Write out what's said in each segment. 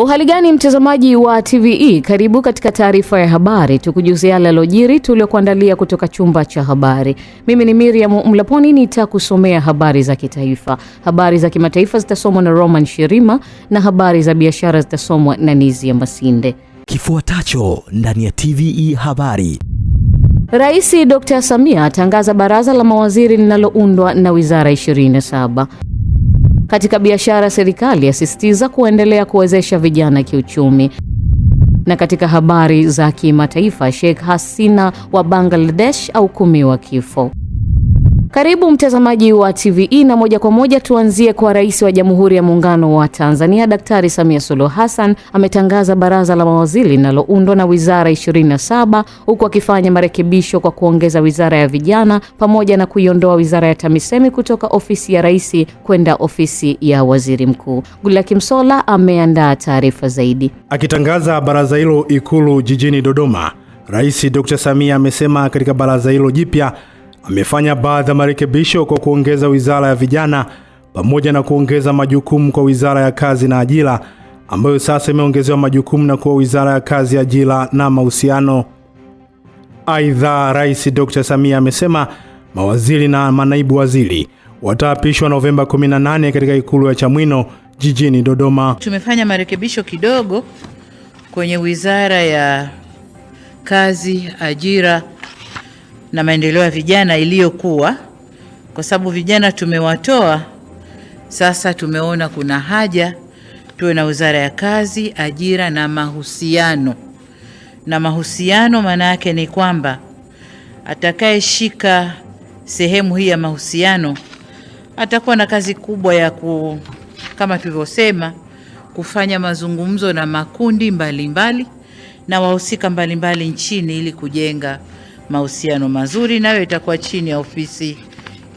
Uhali gani mtazamaji wa TVE, karibu katika taarifa ya habari, tukujuzia yale yalojiri tuliokuandalia kutoka chumba cha habari. Mimi ni Miriam Mlaponi, nitakusomea habari za kitaifa. Habari za kimataifa zitasomwa na Roman Shirima na habari za biashara zitasomwa na Nizi ya Masinde. Kifuatacho ndani ya TVE habari. Rais Dr. Samia atangaza baraza la mawaziri linaloundwa na wizara 27. Katika biashara, serikali yasisitiza kuendelea kuwezesha vijana kiuchumi. Na katika habari za kimataifa, Sheikh Hasina wa Bangladesh ahukumiwa kifo. Karibu mtazamaji wa TVE na moja kwa moja tuanzie kwa Rais wa Jamhuri ya Muungano wa Tanzania Daktari Samia Suluhu Hassan ametangaza baraza la mawaziri linaloundwa na wizara 27 huku akifanya marekebisho kwa kuongeza wizara ya vijana pamoja na kuiondoa wizara ya TAMISEMI kutoka ofisi ya rais kwenda ofisi ya waziri mkuu. Gulaki Msola ameandaa taarifa zaidi. Akitangaza baraza hilo Ikulu jijini Dodoma, Rais Dr. Samia amesema katika baraza hilo jipya amefanya baadhi ya marekebisho kwa kuongeza wizara ya vijana pamoja na kuongeza majukumu kwa wizara ya kazi na ajira ambayo sasa imeongezewa majukumu na kuwa wizara ya kazi, ajira na mahusiano. Aidha, Rais Dr. Samia amesema mawaziri na manaibu waziri wataapishwa Novemba 18 katika ikulu ya Chamwino jijini Dodoma. Tumefanya marekebisho kidogo kwenye wizara ya kazi, ajira na maendeleo ya vijana iliyokuwa, kwa sababu vijana tumewatoa, sasa tumeona kuna haja tuwe na Wizara ya Kazi, Ajira na Mahusiano. Na mahusiano maana yake ni kwamba atakayeshika sehemu hii ya mahusiano atakuwa na kazi kubwa ya ku, kama tulivyosema kufanya mazungumzo na makundi mbalimbali mbali, na wahusika mbalimbali nchini ili kujenga mahusiano mazuri, nayo itakuwa chini ya ofisi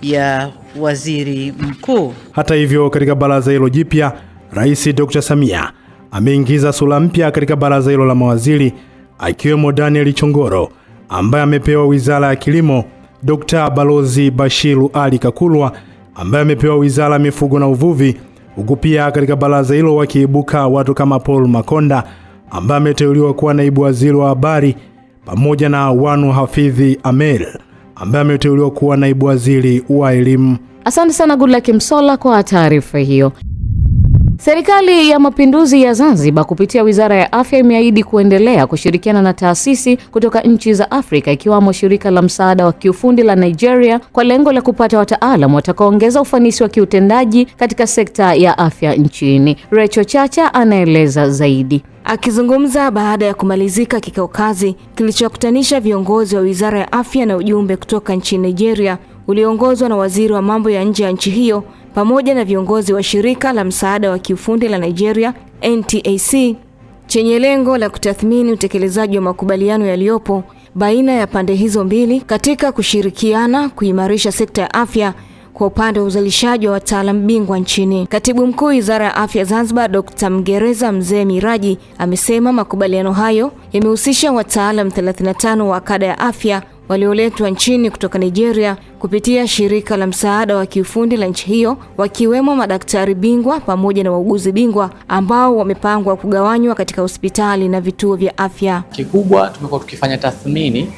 ya waziri mkuu. Hata hivyo, katika baraza hilo jipya, Rais Dr. Samia ameingiza sura mpya katika baraza hilo la mawaziri akiwemo Daniel Chongoro ambaye amepewa wizara ya kilimo, Dr. Balozi Bashiru Ali Kakulwa ambaye amepewa wizara ya mifugo na uvuvi, huku pia katika baraza hilo wakiibuka watu kama Paul Makonda ambaye ameteuliwa kuwa naibu waziri wa habari pamoja na Wanu Hafidhi Amel ambaye ameteuliwa kuwa naibu waziri wa elimu. Asante sana Goodluck Msola kwa taarifa hiyo. Serikali ya Mapinduzi ya Zanzibar kupitia Wizara ya Afya imeahidi kuendelea kushirikiana na taasisi kutoka nchi za Afrika ikiwamo shirika la msaada wa kiufundi la Nigeria kwa lengo la kupata wataalam watakaoongeza ufanisi wa kiutendaji katika sekta ya afya nchini. Recho Chacha anaeleza zaidi. Akizungumza baada ya kumalizika kikao kazi kilichokutanisha viongozi wa Wizara ya Afya na ujumbe kutoka nchini Nigeria ulioongozwa na waziri wa mambo ya nje ya nchi hiyo pamoja na viongozi wa shirika la msaada wa kiufundi la Nigeria NTAC chenye lengo la kutathmini utekelezaji wa makubaliano yaliyopo baina ya pande hizo mbili katika kushirikiana kuimarisha sekta ya afya kwa upande wa uzalishaji wa wataalam bingwa nchini. Katibu Mkuu Wizara ya Afya Zanzibar, Dr. Mgereza Mzee Miraji amesema makubaliano hayo yamehusisha wataalam 35 wa kada ya afya walioletwa nchini kutoka Nigeria kupitia shirika la msaada wa kiufundi la nchi hiyo, wakiwemo madaktari bingwa pamoja na wauguzi bingwa ambao wamepangwa kugawanywa katika hospitali na vituo vya afya. Kikubwa tumekuwa tukifanya tathmini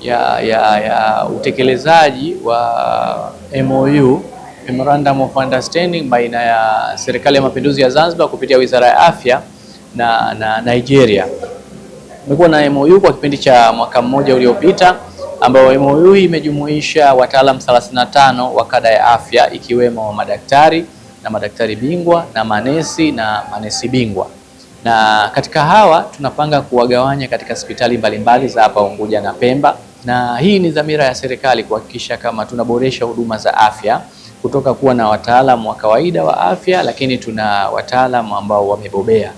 ya, ya, ya utekelezaji wa MOU Memorandum of Understanding baina ya Serikali ya Mapinduzi ya Zanzibar kupitia Wizara ya Afya na, na Nigeria. Umekuwa na MOU kwa kipindi cha mwaka mmoja uliopita ambayo MOU imejumuisha wataalamu 35 wa kada ya afya ikiwemo madaktari na madaktari bingwa na manesi na manesi bingwa, na katika hawa tunapanga kuwagawanya katika hospitali mbalimbali za hapa Unguja na Pemba, na hii ni dhamira ya serikali kuhakikisha kama tunaboresha huduma za afya kutoka kuwa na wataalamu wa kawaida wa afya, lakini tuna wataalamu ambao wamebobea.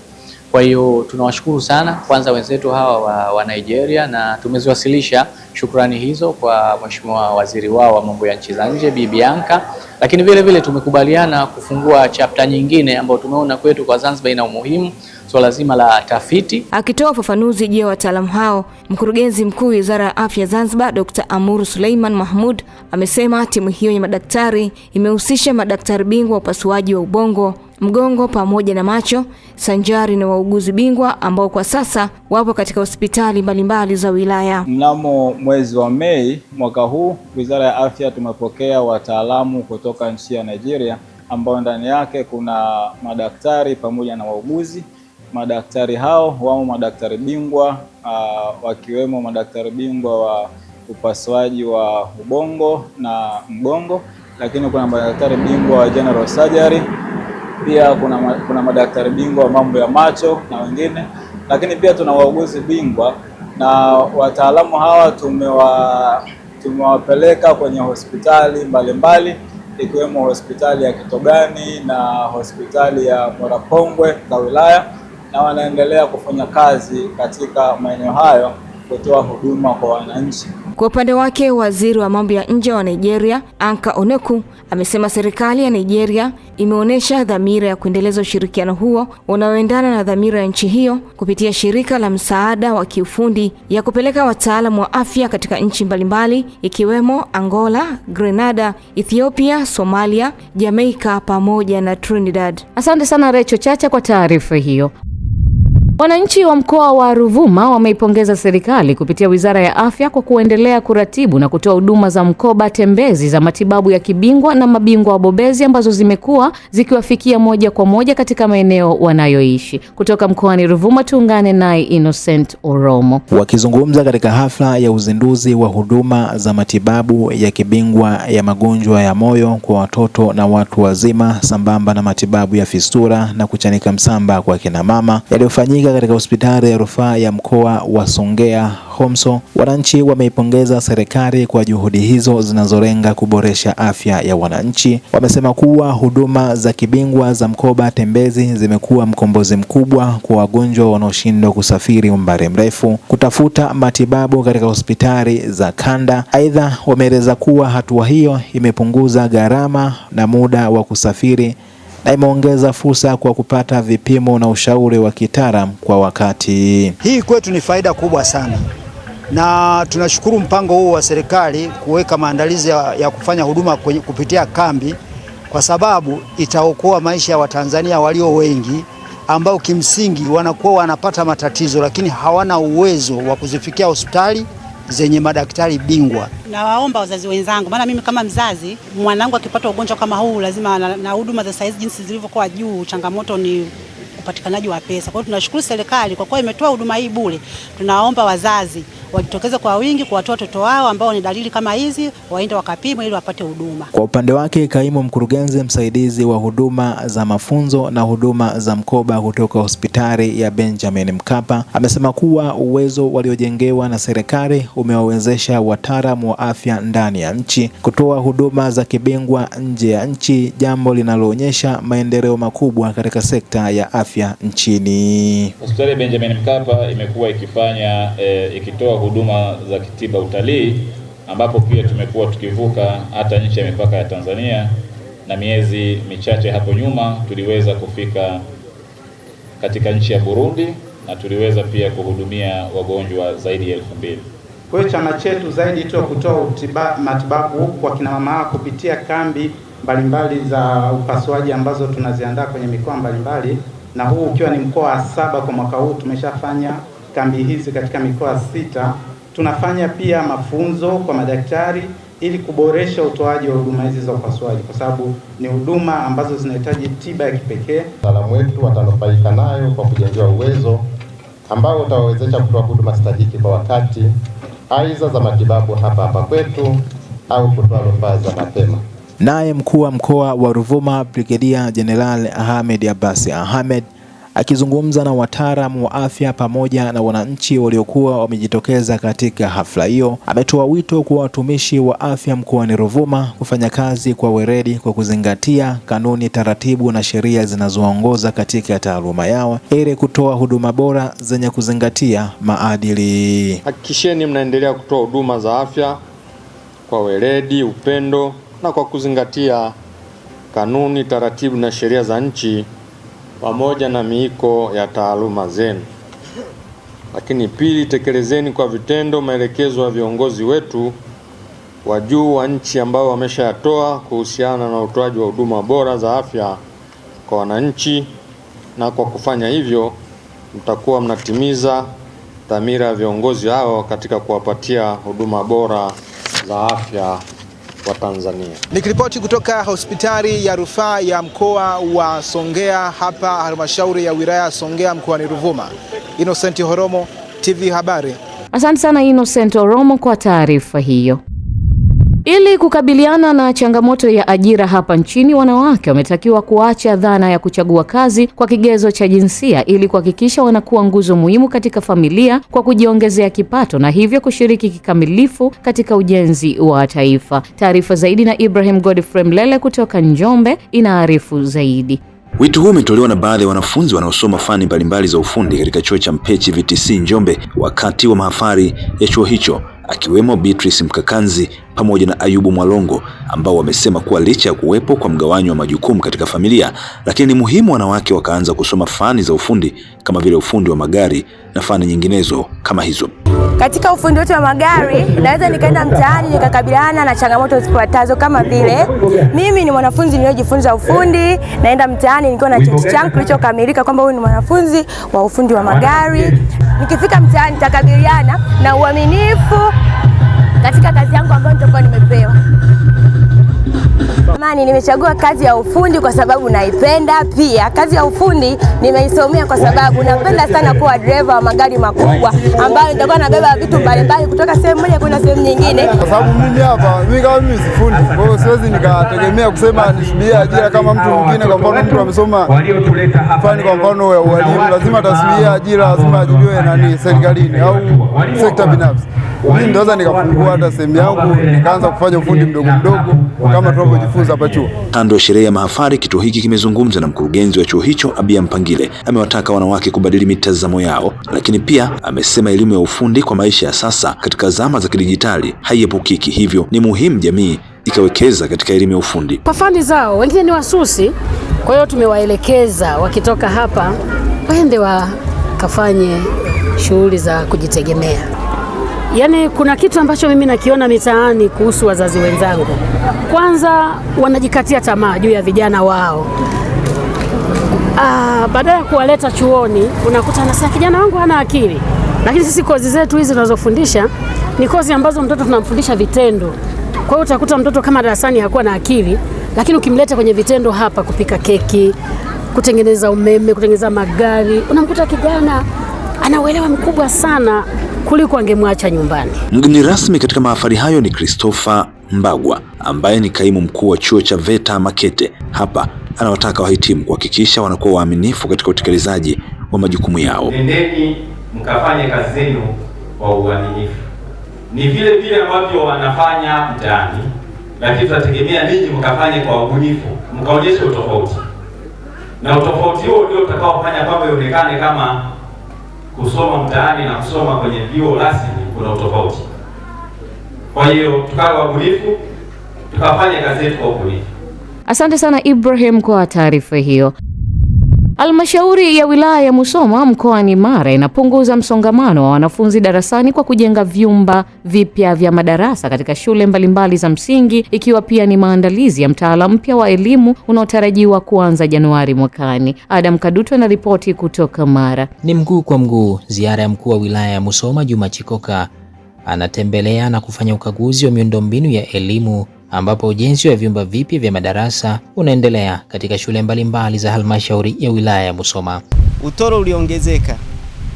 Kwa hiyo tunawashukuru sana kwanza wenzetu hawa wa, wa Nigeria na tumeziwasilisha shukrani hizo kwa Mheshimiwa Waziri wao wa mambo ya nchi za nje Bibi Anka, lakini vile vile tumekubaliana kufungua chapta nyingine ambayo tumeona kwetu kwa Zanzibar ina umuhimu swala zima la tafiti. Akitoa ufafanuzi juu ya wataalamu hao, mkurugenzi mkuu Wizara ya Afya Zanzibar, Dr. Amuru Suleiman Mahmud amesema timu hiyo ya madaktari imehusisha madaktari bingwa wa upasuaji wa ubongo mgongo pamoja na macho sanjari na wauguzi bingwa ambao kwa sasa wapo katika hospitali mbalimbali za wilaya. Mnamo mwezi wa Mei mwaka huu, Wizara ya Afya tumepokea wataalamu kutoka nchi ya Nigeria ambao ndani yake kuna madaktari pamoja na wauguzi madaktari hao wamo madaktari bingwa uh, wakiwemo madaktari bingwa wa upasuaji wa ubongo na mgongo, lakini kuna madaktari bingwa wa general surgery, pia kuna, kuna madaktari bingwa wa mambo ya macho na wengine, lakini pia tuna wauguzi bingwa na wataalamu hawa tumewa tumewapeleka kwenye hospitali mbalimbali ikiwemo hospitali ya Kitogani na hospitali ya Morapongwe za wilaya na wanaendelea kufanya kazi katika maeneo hayo kutoa huduma kwa wananchi. Kwa upande wake, waziri wa mambo ya nje wa Nigeria, Anka Oneku, amesema serikali ya Nigeria imeonyesha dhamira ya kuendeleza ushirikiano huo unaoendana na dhamira ya nchi hiyo kupitia shirika la msaada wa kiufundi ya kupeleka wataalamu wa afya katika nchi mbalimbali ikiwemo Angola, Grenada, Ethiopia, Somalia, Jamaika pamoja na Trinidad. Asante sana Recho Chacha kwa taarifa hiyo. Wananchi wa mkoa wa Ruvuma wameipongeza serikali kupitia Wizara ya Afya kwa kuendelea kuratibu na kutoa huduma za mkoba tembezi za matibabu ya kibingwa na mabingwa wabobezi ambazo zimekuwa zikiwafikia moja kwa moja katika maeneo wanayoishi. Kutoka mkoani Ruvuma tuungane naye Innocent Oromo. Wakizungumza katika hafla ya uzinduzi wa huduma za matibabu ya kibingwa ya magonjwa ya moyo kwa watoto na watu wazima sambamba na matibabu ya fistura na kuchanika msamba kwa kina mama yaliyofanyika kutoka katika hospitali ya rufaa ya mkoa wa Songea Homso, wananchi wameipongeza serikali kwa juhudi hizo zinazolenga kuboresha afya ya wananchi. Wamesema kuwa huduma za kibingwa za mkoba tembezi zimekuwa mkombozi mkubwa kwa wagonjwa wanaoshindwa kusafiri umbali mrefu kutafuta matibabu katika hospitali za kanda. Aidha, wameeleza kuwa hatua hiyo imepunguza gharama na muda wa kusafiri na imeongeza fursa kwa kupata vipimo na ushauri wa kitaalamu kwa wakati. Hii kwetu ni faida kubwa sana, na tunashukuru mpango huu wa serikali kuweka maandalizi ya, ya kufanya huduma kupitia kambi, kwa sababu itaokoa maisha ya Watanzania walio wengi ambao kimsingi wanakuwa wanapata matatizo, lakini hawana uwezo wa kuzifikia hospitali zenye madaktari bingwa. Nawaomba wazazi wenzangu, maana mimi kama mzazi mwanangu akipata ugonjwa kama huu lazima na huduma za saizi jinsi zilivyokuwa juu, changamoto ni upatikanaji wa pesa. Kwa hiyo tunashukuru serikali kwa kuwa imetoa huduma hii bure. Tunaomba wazazi wajitokeze kwa wingi kuwatoa watoto wao ambao ni dalili kama hizi, waende wakapimwe ili wapate huduma. Kwa upande wake, kaimu mkurugenzi msaidizi wa huduma za mafunzo na huduma za mkoba kutoka hospitali ya Benjamin Mkapa amesema kuwa uwezo waliojengewa na serikali umewawezesha wataalamu wa afya ndani ya nchi kutoa huduma za kibingwa nje ya nchi, jambo linaloonyesha maendeleo makubwa katika sekta ya afya afya nchini. Hospitali ya Benjamin Mkapa imekuwa ikifanya e, ikitoa huduma za kitiba utalii, ambapo pia tumekuwa tukivuka hata nchi ya mipaka ya Tanzania, na miezi michache hapo nyuma tuliweza kufika katika nchi ya Burundi na tuliweza pia kuhudumia wagonjwa zaidi ya elfu mbili. Kwa hiyo chama chetu zaidi tu kutoa utiba, matibabu kwa kina mama kupitia kambi mbalimbali za upasuaji ambazo tunaziandaa kwenye mikoa mbalimbali na huu ukiwa ni mkoa wa saba kwa mwaka huu. Tumeshafanya kambi hizi katika mikoa sita. Tunafanya pia mafunzo kwa madaktari ili kuboresha utoaji wa huduma hizi za upasuaji, kwa sababu ni huduma ambazo zinahitaji tiba ya kipekee. Wataalamu wetu watanufaika nayo kwa kujengewa uwezo ambao utawawezesha kutoa huduma stahiki kwa wakati, aidha za matibabu hapa hapa kwetu au kutoa rufaa za mapema. Naye mkuu wa mkoa wa Ruvuma Brigedia Jenerali Ahmed Abbas Ahmed akizungumza na wataalamu wa afya pamoja na wananchi waliokuwa wamejitokeza katika hafla hiyo, ametoa wito kwa watumishi wa afya mkoani Ruvuma kufanya kazi kwa weledi kwa kuzingatia kanuni, taratibu na sheria zinazoongoza katika taaluma yao ili kutoa huduma bora zenye kuzingatia maadili. Hakikisheni mnaendelea kutoa huduma za afya kwa weledi, upendo na kwa kuzingatia kanuni, taratibu na sheria za nchi pamoja na miiko ya taaluma zenu. Lakini pili, tekelezeni kwa vitendo maelekezo ya viongozi wetu wa juu wa nchi ambao wameshayatoa kuhusiana na utoaji wa huduma bora za afya kwa wananchi, na kwa kufanya hivyo mtakuwa mnatimiza dhamira ya viongozi hao katika kuwapatia huduma bora za afya wa Tanzania. Nikiripoti kutoka hospitali ya rufaa ya mkoa wa Songea hapa halmashauri ya wilaya ya Songea mkoani Ruvuma, Innocent Horomo, TV Habari. Asante sana Innocent Oromo kwa taarifa hiyo. Ili kukabiliana na changamoto ya ajira hapa nchini, wanawake wametakiwa kuacha dhana ya kuchagua kazi kwa kigezo cha jinsia ili kuhakikisha wanakuwa nguzo muhimu katika familia kwa kujiongezea kipato na hivyo kushiriki kikamilifu katika ujenzi wa taifa. Taarifa zaidi na Ibrahim Godfrey Mlele kutoka Njombe inaarifu zaidi. Wito huu umetolewa na baadhi ya wanafunzi wanaosoma fani mbalimbali za ufundi katika chuo cha Mpechi VTC Njombe wakati wa mahafari ya chuo hicho akiwemo Beatrice Mkakanzi pamoja na Ayubu Mwalongo ambao wamesema kuwa licha ya kuwepo kwa mgawanyo wa majukumu katika familia, lakini ni muhimu wanawake wakaanza kusoma fani za ufundi kama vile ufundi wa magari na fani nyinginezo kama hizo. Katika ufundi wote wa magari naweza nikaenda mtaani nikakabiliana na changamoto zifuatazo kama vile, mimi ni mwanafunzi niliyojifunza ufundi, naenda mtaani nikiwa na cheti changu kilichokamilika kwamba huyu ni mwanafunzi wa ufundi wa magari nikifika mtaani nitakabiliana na uaminifu katika kazi yangu ambayo nitakuwa nimepewa. Jamani, nimechagua kazi ya ufundi kwa sababu naipenda. Pia kazi ya ufundi nimeisomea kwa sababu napenda sana kuwa dereva wa magari makubwa ambayo nitakuwa nabeba vitu mbalimbali kutoka sehemu moja kwenda sehemu nyingine. Kwa sababu mimi hapa, mimi kama mimi fundi, kwa hiyo siwezi nikategemea kusema nisubiri ajira kama mtu mwingine. Kwa mfano mtu amesoma fani kwa mfano ya ualimu, lazima atasubiria ajira, lazima ajiriwe nani serikalini au sekta binafsi mimi naweza nikafungua hata sehemu yangu nikaanza kufanya ufundi mdogo mdogo kama tunavyojifunza hapa chuo. Kando ya sherehe ya mahafali, kituo hiki kimezungumza na mkurugenzi wa chuo hicho Abia Mpangile. Amewataka wanawake kubadili mitazamo yao, lakini pia amesema elimu ya ufundi kwa maisha ya sasa katika zama za kidijitali haiepukiki, hivyo ni muhimu jamii ikawekeza katika elimu ya ufundi kwa fani zao. Wengine ni wasusi, kwa hiyo tumewaelekeza wakitoka hapa waende wakafanye shughuli za kujitegemea. Yaani kuna kitu ambacho mimi nakiona mitaani kuhusu wazazi wenzangu. Kwanza wanajikatia tamaa juu ya vijana wao. Ah, baada ya kuwaleta chuoni unakuta anasema kijana wangu hana akili, lakini sisi kozi zetu hizi tunazofundisha ni kozi ambazo mtoto tunamfundisha vitendo. Kwa hiyo utakuta mtoto kama darasani hakuwa na akili, lakini ukimleta kwenye vitendo, hapa kupika keki, kutengeneza umeme, kutengeneza magari, unamkuta kijana ana uelewa mkubwa sana kuliko angemwacha nyumbani. Mgeni rasmi katika mahafali hayo ni Christopher Mbagwa ambaye ni kaimu mkuu wa chuo cha VETA Makete. Hapa anawataka wahitimu kuhakikisha wanakuwa waaminifu katika utekelezaji wa majukumu yao. Endeni mkafanye kazi zenu kwa uaminifu, ni vile vile ambavyo wanafanya mtaani, lakini tunategemea ninyi mkafanye kwa ubunifu, mkaonyeshe utofauti, na utofauti huo ndio utakaofanya kwamba ionekane kama kusoma mtaani na kusoma kwenye vyuo rasmi kuna utofauti. Kwa hiyo wa wabunifu, tukafanya kazi yetu kwa ubunifu. Asante sana Ibrahim kwa taarifa hiyo. Halmashauri ya wilaya ya Musoma mkoani Mara inapunguza msongamano wa wanafunzi darasani kwa kujenga vyumba vipya vya madarasa katika shule mbalimbali za msingi ikiwa pia ni maandalizi ya mtaala mpya wa elimu unaotarajiwa kuanza Januari mwakani. Adam Kaduto anaripoti kutoka Mara. Ni mguu kwa mguu. Ziara ya mkuu wa wilaya ya Musoma Juma Chikoka anatembelea na kufanya ukaguzi wa miundombinu ya elimu ambapo ujenzi wa vyumba vipya vya madarasa unaendelea katika shule mbalimbali mbali za halmashauri ya wilaya ya Musoma. Utoro uliongezeka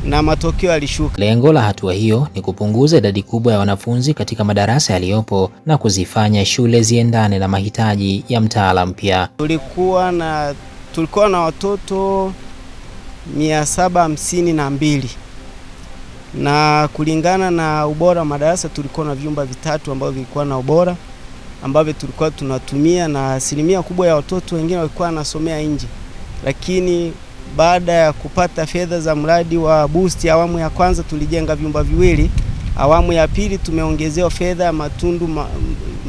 na matokeo yalishuka. Lengo la hatua hiyo ni kupunguza idadi kubwa ya wanafunzi katika madarasa yaliyopo na kuzifanya shule ziendane na mahitaji ya mtaala mpya. Tulikuwa na tulikuwa na watoto mia na mbili na kulingana na ubora wa madarasa tulikuwa na vyumba vitatu ambavyo vilikuwa na ubora ambavyo tulikuwa tunatumia, na asilimia kubwa ya watoto wengine walikuwa wanasomea nje, lakini baada ya kupata fedha za mradi wa boost awamu ya kwanza tulijenga vyumba viwili. Awamu ya pili tumeongezewa fedha matundu, ma,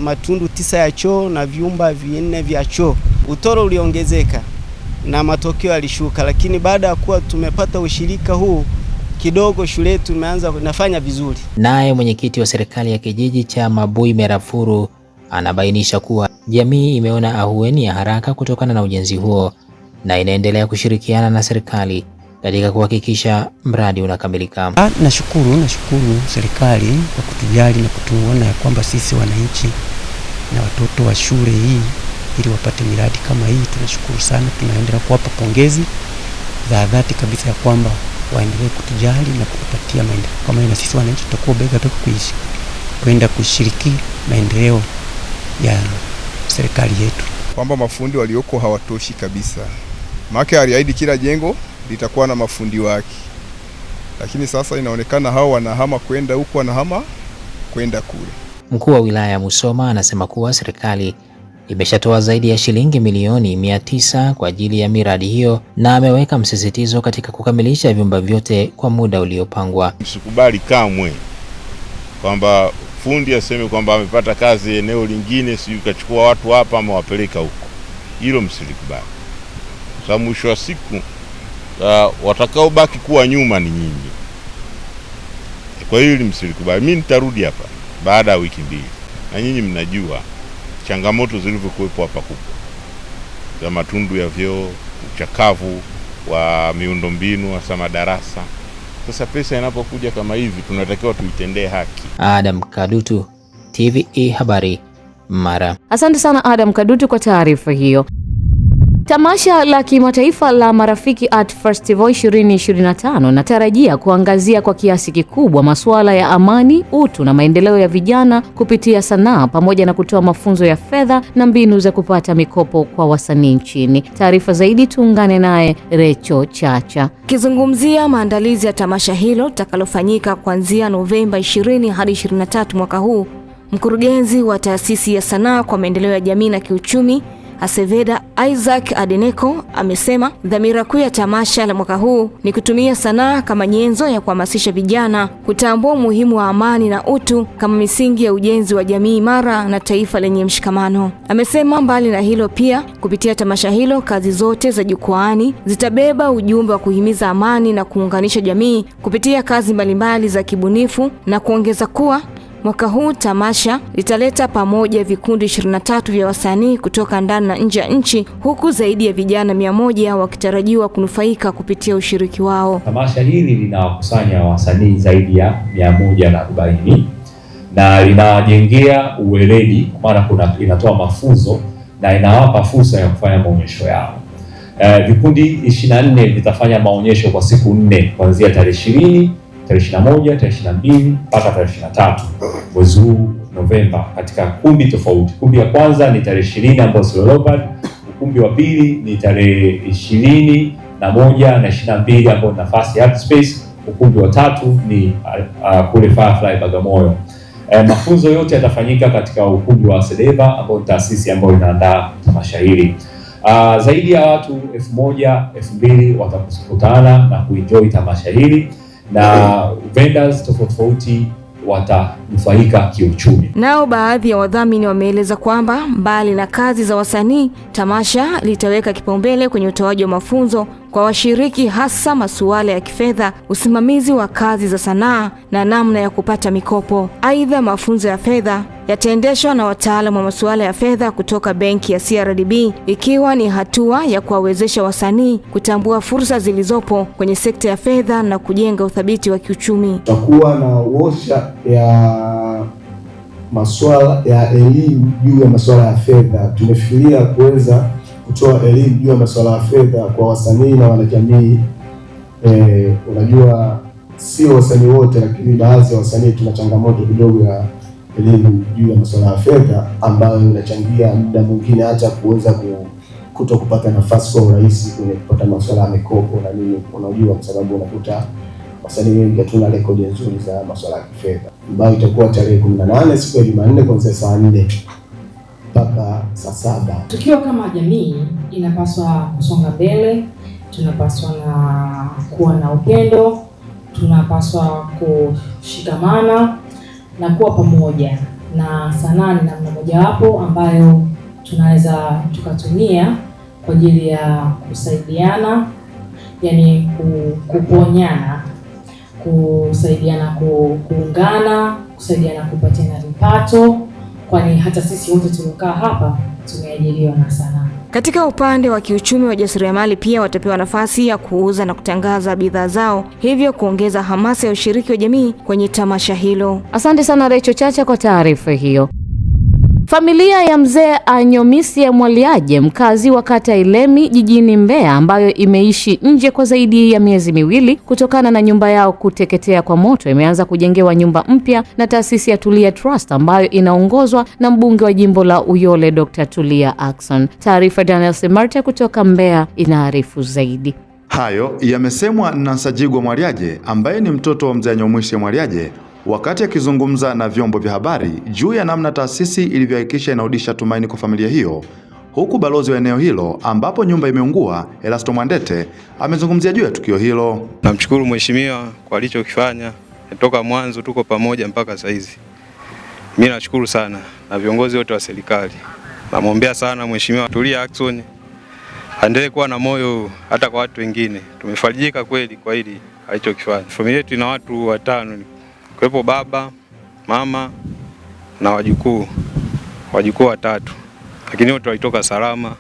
matundu tisa ya choo na vyumba vinne vya choo. Utoro uliongezeka na matokeo yalishuka, lakini baada ya kuwa tumepata ushirika huu kidogo shule yetu imeanza nafanya vizuri. Naye mwenyekiti wa serikali ya kijiji cha Mabui Merafuru Anabainisha kuwa jamii imeona ahueni ya haraka kutokana na ujenzi huo na inaendelea kushirikiana na serikali katika kuhakikisha mradi unakamilika. Ah, nashukuru, nashukuru serikali kwa kutujali na kutuona ya kwamba sisi wananchi na watoto wa shule hii ili wapate miradi kama hii. Tunashukuru sana, tunaendelea kuwapa pongezi za dhati kabisa ya kwamba waendelee kutujali na kutupatia maendeleo kama hii, na sisi wananchi tutakuwa bega tu kuishi kwenda kushiriki maendeleo ya serikali yetu, kwamba mafundi walioko hawatoshi kabisa. Maana aliahidi kila jengo litakuwa na mafundi wake, lakini sasa inaonekana hao wanahama kwenda huko, wanahama kwenda kule. Mkuu wa wilaya ya Musoma anasema kuwa serikali imeshatoa zaidi ya shilingi milioni mia tisa kwa ajili ya miradi hiyo na ameweka msisitizo katika kukamilisha vyumba vyote kwa muda uliopangwa. Msikubali kamwe kwamba fundi aseme kwamba amepata kazi eneo lingine, sijui kachukua watu hapa ama wapeleka huko. Hilo msilikubali, sababu mwisho wa siku uh, watakaobaki kuwa nyuma ni nyinyi. Kwa hiyo hili msilikubali. Mimi nitarudi hapa baada ya wiki mbili, na nyinyi mnajua changamoto zilivyokuwepo hapa kubwa za matundu ya vyoo, uchakavu wa miundombinu hasa madarasa. Sasa pesa inapokuja kama hivi, tunatakiwa tuitendee haki. Adam Kadutu, TVE Habari Mara. Asante sana Adam Kadutu kwa taarifa hiyo. Tamasha la kimataifa la Marafiki Art Festival 2025 natarajia kuangazia kwa kiasi kikubwa masuala ya amani, utu na maendeleo ya vijana kupitia sanaa pamoja na kutoa mafunzo ya fedha na mbinu za kupata mikopo kwa wasanii nchini. Taarifa zaidi tuungane naye Recho Chacha. Kizungumzia maandalizi ya tamasha hilo litakalofanyika kuanzia Novemba 20 hadi 23 mwaka huu, mkurugenzi wa taasisi ya sanaa kwa maendeleo ya jamii na kiuchumi Aseveda Isaac Adeneko amesema dhamira kuu ya tamasha la mwaka huu ni kutumia sanaa kama nyenzo ya kuhamasisha vijana kutambua umuhimu wa amani na utu kama misingi ya ujenzi wa jamii imara na taifa lenye mshikamano. Amesema mbali na hilo pia, kupitia tamasha hilo, kazi zote za jukwaani zitabeba ujumbe wa kuhimiza amani na kuunganisha jamii kupitia kazi mbalimbali za kibunifu na kuongeza kuwa Mwaka huu tamasha litaleta pamoja vikundi 23 vya wasanii kutoka ndani na nje ya nchi, huku zaidi ya vijana mia moja wakitarajiwa kunufaika kupitia ushiriki wao. Tamasha hili linawakusanya wasanii zaidi ya moja na na linawajengea uweledi, kwa maana kuna inatoa mafunzo na inawapa fursa ya kufanya maonyesho yao. Uh, vikundi 24 vitafanya maonyesho kwa siku nne kuanzia tarehe ishirini tarehe 21, tarehe 22 mpaka tarehe 23 mwezi huu Novemba, katika kumbi tofauti. Kumbi ya kwanza ni tarehe 20 ambayo Sio Leopard, ukumbi wa pili ni tarehe ishirini na moja na ishirini mbili ambayo ni nafasi ya space, ukumbi wa tatu ni uh, uh, kule Firefly Bagamoyo. Eh, mafunzo yote yatafanyika katika ukumbi wa Sedeva ambao ni taasisi ambayo inaandaa tamasha hili. Uh, zaidi ya watu elfu moja elfu mbili watakutana na kuenjoy tamasha hili na vendors tofauti tofauti wata kunufaika kiuchumi. Nao baadhi ya wadhamini wameeleza kwamba mbali na kazi za wasanii, tamasha litaweka kipaumbele kwenye utoaji wa mafunzo kwa washiriki, hasa masuala ya kifedha, usimamizi wa kazi za sanaa na namna ya kupata mikopo. Aidha, mafunzo ya fedha yataendeshwa na wataalamu wa masuala ya fedha kutoka benki ya CRDB ikiwa ni hatua ya kuwawezesha wasanii kutambua fursa zilizopo kwenye sekta ya fedha na kujenga uthabiti wa kiuchumi. Tutakuwa na washa ya masuala ya elimu juu ya masuala ya fedha. Tumefikiria kuweza kutoa elimu juu ya masuala ya fedha kwa wasanii na wanajamii. E, unajua sio wasanii wote, lakini baadhi ya wasanii tuna changamoto kidogo ya elimu juu ya masuala ya fedha ambayo inachangia muda mwingine hata kuweza ku kuto kupata nafasi kwa urahisi kwenye kupata masuala ya mikopo na nini, unajua, kwa sababu unakuta wasanii wengi hatuna rekodi nzuri za masuala ya kifedha ambayo itakuwa tarehe 18 siku ya Jumanne kuanzia saa 4 mpaka saa saba. Tukiwa kama jamii inapaswa kusonga mbele, tunapaswa na kuwa na upendo, tunapaswa kushikamana na kuwa pamoja, na sanaa ni namna mojawapo ambayo tunaweza tukatumia kwa ajili ya kusaidiana, yani kuponyana kusaidiana kuungana, kusaidiana kupatiana vipato, kwani hata sisi wote tumekaa hapa tumeajiriwa na sanaa. Katika upande wa kiuchumi, wajasiriamali pia watapewa nafasi ya kuuza na kutangaza bidhaa zao, hivyo kuongeza hamasa ya ushiriki wa jamii kwenye tamasha hilo. Asante sana Recho Chacha kwa taarifa hiyo. Familia ya mzee Anyomisia Mwaliaje mkazi wa kata Ilemi jijini Mbeya, ambayo imeishi nje kwa zaidi ya miezi miwili kutokana na nyumba yao kuteketea kwa moto, imeanza kujengewa nyumba mpya na taasisi ya Tulia Trust ambayo inaongozwa na mbunge wa jimbo la Uyole Dr. Tulia Ackson. Taarifa Daniel Simarte kutoka Mbeya inaarifu zaidi. Hayo yamesemwa na Nsajigwa Mwaliaje ambaye ni mtoto wa mzee Anyomisia Mwaliaje Wakati akizungumza na vyombo vya habari juu ya namna taasisi ilivyohakikisha inarudisha tumaini kwa familia hiyo, huku balozi wa eneo hilo ambapo nyumba imeungua Erasto Mwandete amezungumzia juu ya tukio hilo. Namshukuru mheshimiwa kwa alichokifanya, toka mwanzo tuko pamoja mpaka sasa hizi. Mimi nashukuru sana na viongozi wote wa serikali. Namwombea sana mheshimiwa Tulia Ackson aendelee kuwa na moyo hata kwa watu wengine. Tumefarijika kweli kwa hili alichokifanya. Familia yetu ina watu watano kuwepo baba, mama na wajukuu, wajukuu watatu, lakini wote walitoka salama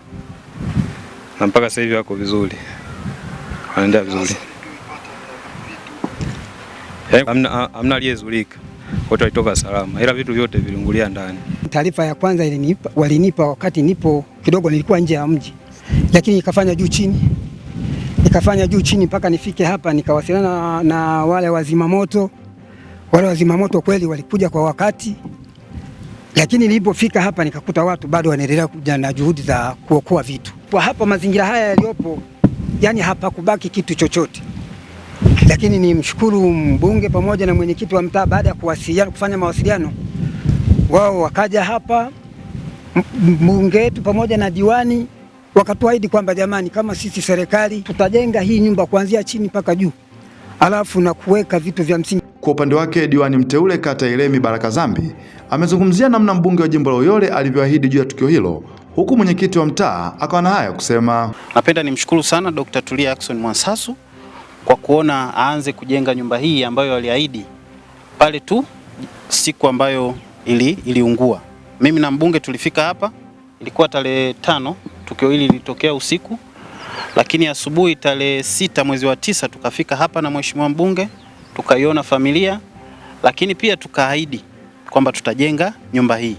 na mpaka sasa hivi wako vizuri, wanaendelea vizuri, yaani hamna yani, aliyezulika wote walitoka salama, ila vitu vyote viliungulia ndani. Taarifa ya kwanza ilinipa, walinipa wakati nipo kidogo, nilikuwa nje ya mji, lakini ikafanya juu chini, nikafanya juu chini mpaka nifike hapa, nikawasiliana na wale wazimamoto wale wazima moto kweli walikuja kwa wakati, lakini nilipofika hapa nikakuta watu bado wanaendelea kuja na juhudi za kuokoa vitu kwa hapa. Mazingira haya yaliyopo, yani hapakubaki kitu chochote, lakini nimshukuru mbunge pamoja na mwenyekiti wa mtaa, baada ya kuwasiliana, kufanya mawasiliano, wao wakaja hapa, mbunge wetu pamoja na diwani wakatuahidi kwamba jamani, kama sisi serikali tutajenga hii nyumba kuanzia chini mpaka juu, alafu na kuweka vitu vya msingi. Kwa upande wake diwani mteule kata Ilemi Baraka Zambi amezungumzia namna mbunge wa jimbo la Uyole alivyoahidi juu ya tukio hilo, huku mwenyekiti wa mtaa akawa na haya kusema. Napenda nimshukuru sana Dr. Tulia Ackson Mwansasu kwa kuona aanze kujenga nyumba hii ambayo aliahidi pale tu siku ambayo ili, iliungua. Mimi na mbunge tulifika hapa, ilikuwa tarehe tano. Tukio hili lilitokea usiku, lakini asubuhi tarehe sita mwezi wa tisa tukafika hapa na mheshimiwa mbunge tukaiona familia, lakini pia tukaahidi kwamba tutajenga nyumba hii.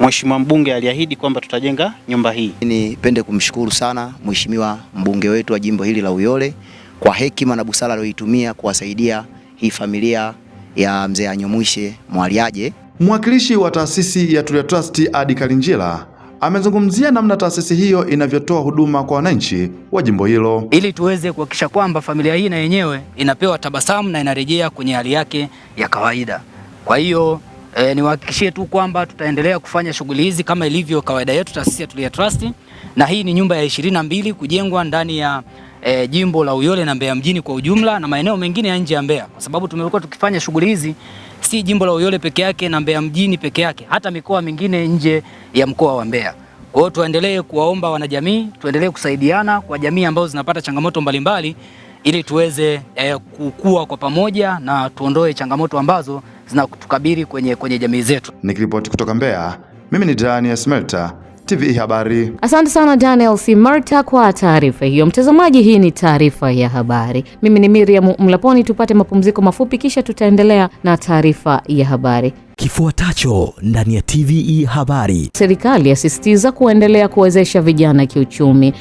Mheshimiwa mbunge aliahidi kwamba tutajenga nyumba hii. Nipende kumshukuru sana mheshimiwa mbunge wetu wa jimbo hili la Uyole kwa hekima na busara aliyoitumia kuwasaidia hii familia ya mzee Anyomwishe Mwaliaje. Mwakilishi wa taasisi ya Tulia Trust Adi Kalinjela amezungumzia namna taasisi hiyo inavyotoa huduma kwa wananchi wa jimbo hilo, ili tuweze kuhakikisha kwamba familia hii na yenyewe inapewa tabasamu na inarejea kwenye hali yake ya kawaida. Kwa hiyo e, niwahakikishie tu kwamba tutaendelea kufanya shughuli hizi kama ilivyo kawaida yetu, taasisi ya Tulia Trust, na hii ni nyumba ya ishirini na mbili kujengwa ndani ya E, jimbo la Uyole na Mbeya mjini kwa ujumla na maeneo mengine ya nje ya Mbeya, kwa sababu tumekuwa tukifanya shughuli hizi si jimbo la Uyole peke yake na Mbeya mjini peke yake, hata mikoa mingine nje ya mkoa wa Mbeya. Kwa hiyo tuendelee kuwaomba wanajamii, tuendelee kusaidiana kwa jamii ambazo zinapata changamoto mbalimbali ili tuweze eh, kukua kwa pamoja na tuondoe changamoto ambazo zinatukabili kwenye, kwenye jamii zetu. Nikiripoti kutoka Mbeya, mimi ni Daniel Smelta TV Habari. Asante sana Daniel Simarta kwa taarifa hiyo. Mtazamaji, hii ni taarifa ya habari. Mimi ni Miriam Mlaponi, tupate mapumziko mafupi kisha tutaendelea na taarifa ya habari. Kifuatacho ndani ya TVE Habari. Serikali yasisitiza kuendelea kuwezesha vijana kiuchumi.